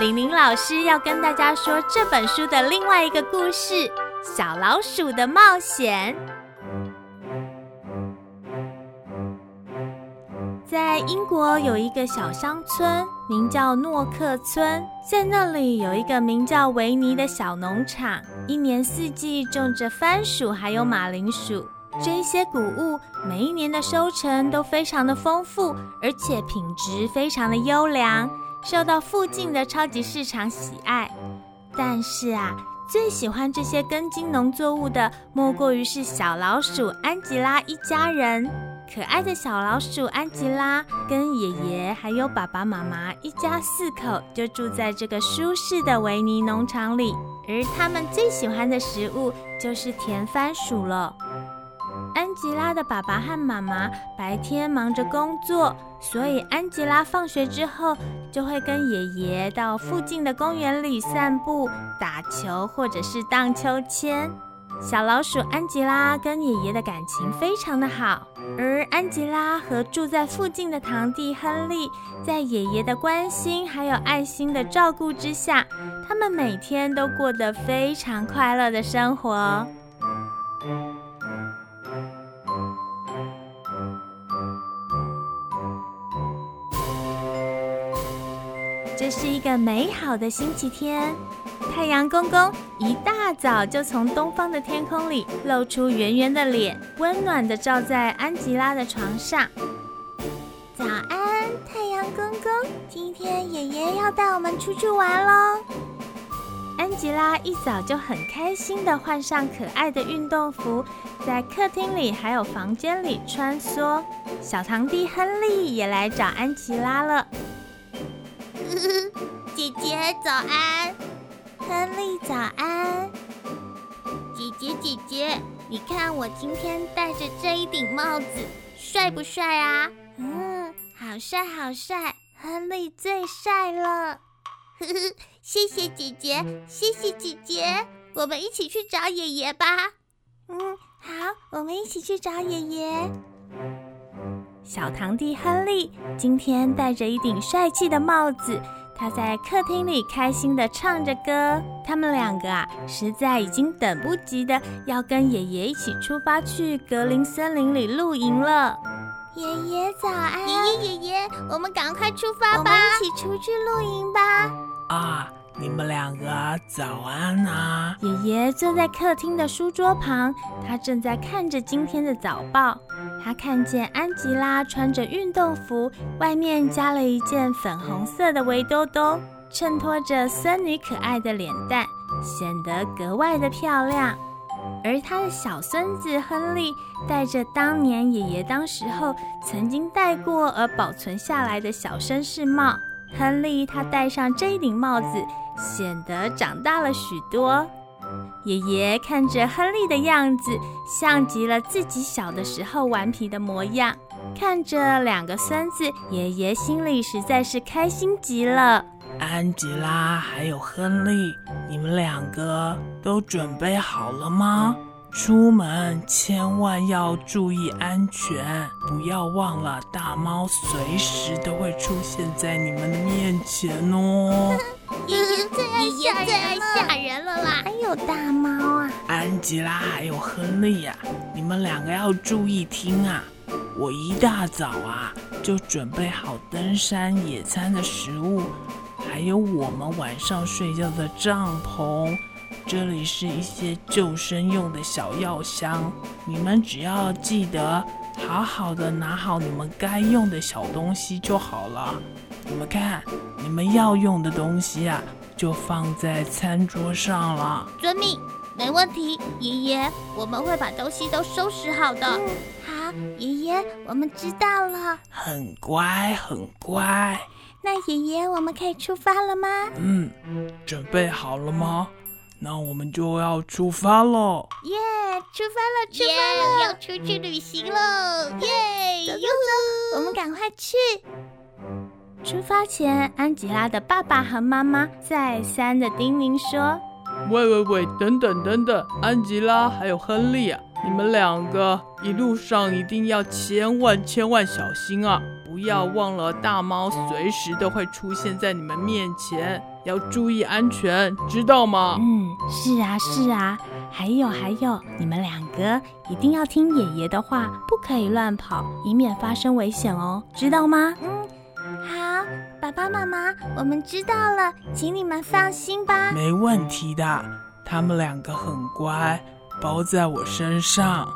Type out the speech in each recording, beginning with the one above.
李玲老師要跟大家說這本書的另外一個故事：小老鼠的冒險。在英國有一個小鄉村，名叫諾克村，在那裡有一個名叫維尼的小農場，一年四季種着番薯，還有馬鈴薯。這些穀物每一年的收成都非常的豐富，而且品質非常的優良。受到附近的超級市場喜愛，但是啊，最喜歡這些根莖農作物的，莫過於是小老鼠安吉拉一家人。可愛的小老鼠安吉拉跟爺爺還有爸爸媽媽一家四口就住在這個舒適的維尼農場裡，而他們最喜歡的食物就是甜番薯了。安吉拉的爸爸和媽媽白天忙着工作，所以安吉拉放學之後就會跟爺爺到附近的公園裡散步、打球，或者是盪秋千。小老鼠安吉拉跟爺爺的感情非常的好，而安吉拉和住在附近的堂弟亨利，在爺爺的關心還有愛心的照顧之下，他們每天都過得非常快樂的生活。這是一個美好的星期天，太陽公公一大早就從東方的天空裡露出圓圓的臉，溫暖地照在安吉拉的床上。早安，太陽公公！今天爺爺要帶我們出去玩嘍。安吉拉一早就很開心地換上可愛的運動服，在客廳裡還有房間裡穿梭。小堂弟亨利也來找安吉拉了。姐姐早安，亨利早安。姐姐姐姐，你看我今天戴着這一頂帽子，帥不帥啊？嗯，好帥好帥，亨利最帥了。謝謝姐姐，謝謝姐姐，我們一起去找爺爺吧。嗯，好，我們一起去找爺爺。小堂弟亨利今天戴着一頂帥氣的帽子，他在客廳裡開心地唱着歌。他們兩個啊，實在已經等不及的要跟爺爺一起出發去格林森林裡露營了。爺爺早安，爺爺爺爺，我們趕快出發吧，我們一起出去露營吧。啊，你們兩個早安啊！爺爺坐在客廳的書桌旁，他正在看着今天的早報。他看見安吉拉穿着運動服，外面加了一件粉紅色的圍兜兜，襯托着孫女可愛的臉蛋，顯得格外的漂亮。而他的小孫子亨利戴着當年爺爺當時候曾經戴過而保存下來的小紳士帽，亨利他戴上這頂帽子，顯得長大了許多。爺爺看着亨利的樣子，像極了自己小的時候頑皮的模樣。看着兩個孫子，爺爺心裡實在是開心極了。安吉拉，還有亨利，你們兩個都準備好了嗎？出門千萬要注意安全，不要忘了大貓隨時都會出現在你們的面前哦。咦，最愛嚇人了啦！還有大貓啊，安吉拉還有亨利呀，你們兩個要注意聽啊！我一大早啊就準備好登山野餐的食物，還有我們晚上睡覺的帳篷。這裡是一些救生用的小藥箱，你們只要記得好好的拿好你們該用的小東西就好了。你們看，你們要用的東西啊，就放在餐桌上了。遵命，沒問題，爺爺，我們會把東西都收拾好的。嗯，好，爺爺，我們知道了，很乖，很乖。那爺爺，我們可以出發了嗎？嗯，準備好了嗎？那我們就要出發囉！耶，yeah, 出發了，出發了！Yeah, 要出去旅行嘍！耶、yeah,，呦呵走！我們趕快去。出發前，安吉拉的爸爸和媽媽再三的叮嚀說：“喂喂喂，等等等等，安吉拉還有亨利啊，你們兩個一路上一定要千萬千萬小心啊！”不要忘了，大貓隨時都會出現在你們面前，要注意安全，知道嗎？嗯，是啊，是啊。還有還有，你們兩個一定要聽爺爺的話，不可以亂跑，以免發生危險哦，知道嗎？嗯，好，爸爸媽媽，我們知道了，請你們放心吧。沒問題的，他們兩個很乖，包在我身上。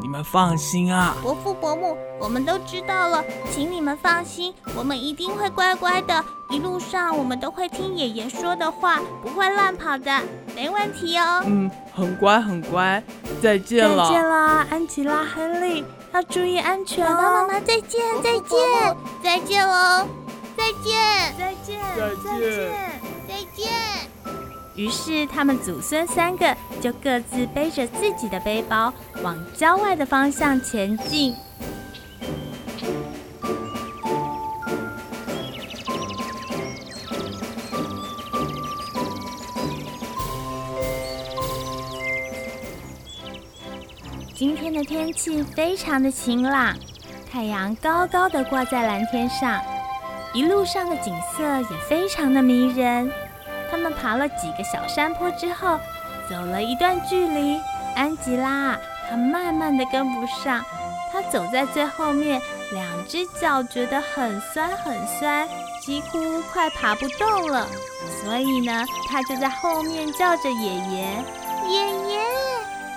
你們放心啊，伯父伯母，我們都知道了，請你們放心，我們一定會乖乖的。一路上我們都會聽爺爺說的話，不會亂跑的，沒問題哦。嗯，很乖很乖，再見了，再見啦，安吉拉、亨利，要注意安全哦。媽媽媽媽，再見，再見，伯伯再見哦，再見，再見，再見。再見再見。於是，他們祖孫三個就各自背着自己的背包，往郊外的方向前進。今天的天氣非常的晴朗，太陽高高的掛在藍天上，一路上的景色也非常的迷人。爬了幾個小山坡之後，走了一段距離，安吉拉他慢慢的跟不上，他走在最後面，兩只腳覺得很酸很酸，幾乎快爬不動了，所以呢，他就在後面叫着爺爺，爺爺，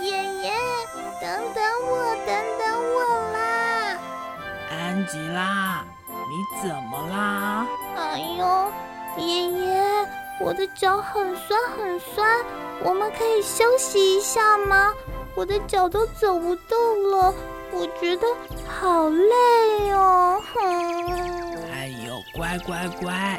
爺爺，等等我，等等我啦！安吉拉，你怎麼啦？哎呦，爺爺。我的腳很酸很酸，我們可以休息一下嗎？我的腳都走不動了，我覺得好累哦。哼。哎呦，乖乖乖，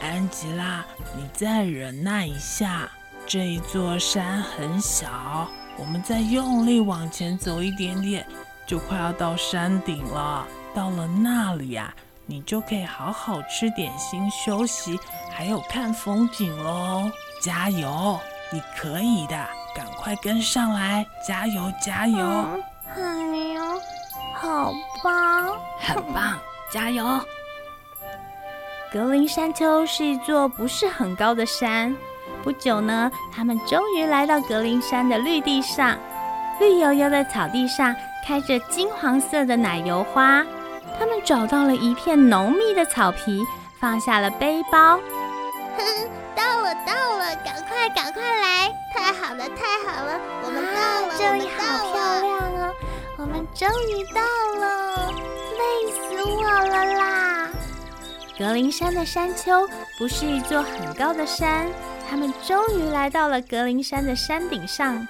安吉拉，你再忍耐一下，這一座山很小，我們再用力往前走一點點，就快要到山頂了。到了那裡啊。你就可以好好吃點心、休息，還有看風景嘍、哦！加油，你可以的，趕快跟上來！加油，加油！嗯、哎呦，好棒！很棒，加油！格林山丘是一座不是很高的山。不久呢，他們終於來到格林山的綠地上，綠油油的草地上開着金黃色的奶油花。他們找到了一片濃密的草皮，放下了背包。哼，到了，到了，趕快，趕快來！太好了，太好了，我們到了，啊、我們到了！這裡好漂亮哦，我們終於到了，累死我了啦！格林山的山丘不是一座很高的山，他們終於來到了格林山的山頂上。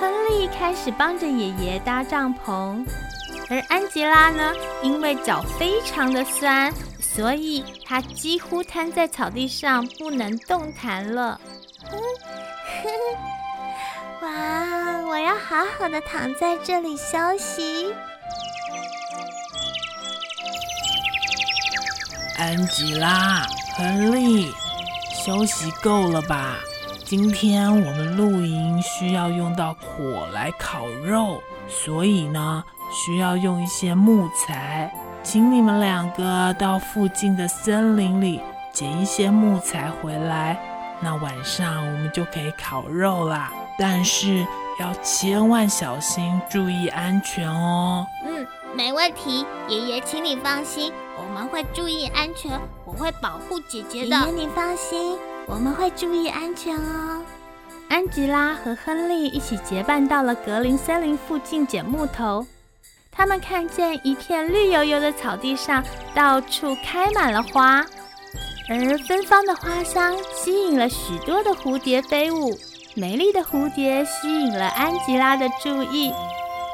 亨利開始幫着爺爺搭帳篷。而安吉拉呢，因為腳非常的酸，所以她幾乎癱在草地上，不能動彈了、嗯呵呵。哇，我要好好的躺在這裡休息。安吉拉，亨利，休息夠了吧？今天我們露營需要用到火來烤肉，所以呢。需要用一些木材，請你們兩個到附近的森林裡撿一些木材回來。那晚上我們就可以烤肉啦，但是要千萬小心，注意安全哦。嗯，沒問題，爺爺，請你放心，我們會注意安全，我會保護姐姐的。爺爺，你放心，我們會注意安全哦。安吉拉和亨利一起結伴到了格林森林附近撿木頭。他們看見一片綠油油的草地上，到處開滿了花，而芬芳的花香吸引了許多的蝴蝶飛舞。美麗的蝴蝶吸引了安吉拉的注意，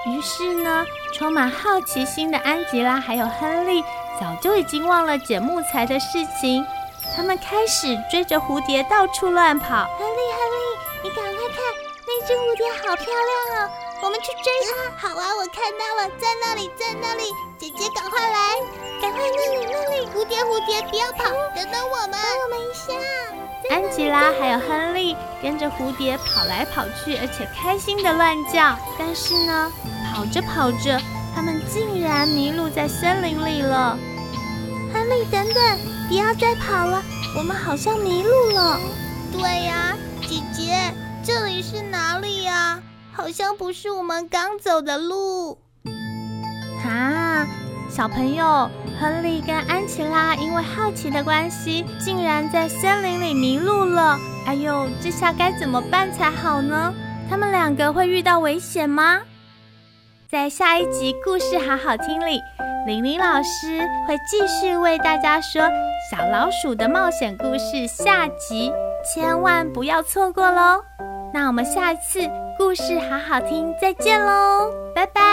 於是呢，充滿好奇心的安吉拉還有亨利早就已經忘了撿木材的事情，他們開始追着蝴蝶到處亂跑。亨利，亨利，你趕快看，那隻蝴蝶好漂亮哦！我們去追他、嗯！好啊，我看到了，在那裡，在那裡，姐姐，趕快來，趕快，那裡那裡，那裡，蝴蝶蝴蝶，不要跑，等等我們，等我們一下。安吉拉還有亨利跟着蝴蝶跑來跑去，而且開心地亂叫。但是呢，跑着跑着，他們竟然迷路在森林裡了。亨利，等等，不要再跑了，我們好像迷路了。對呀、啊，姐姐，這裡是哪裡呀、啊？好像不是我們剛走的路啊！小朋友，亨利跟安吉拉因為好奇的關係，竟然在森林裡迷路了。哎呦，這下該怎麼辦才好呢？他們兩個會遇到危險嗎？在下一集故事好好聽裡，玲玲老師會繼續為大家說小老鼠的冒險故事，下集千萬不要錯過嘍！那我們下一次故事好好聽，再見嘍，拜拜。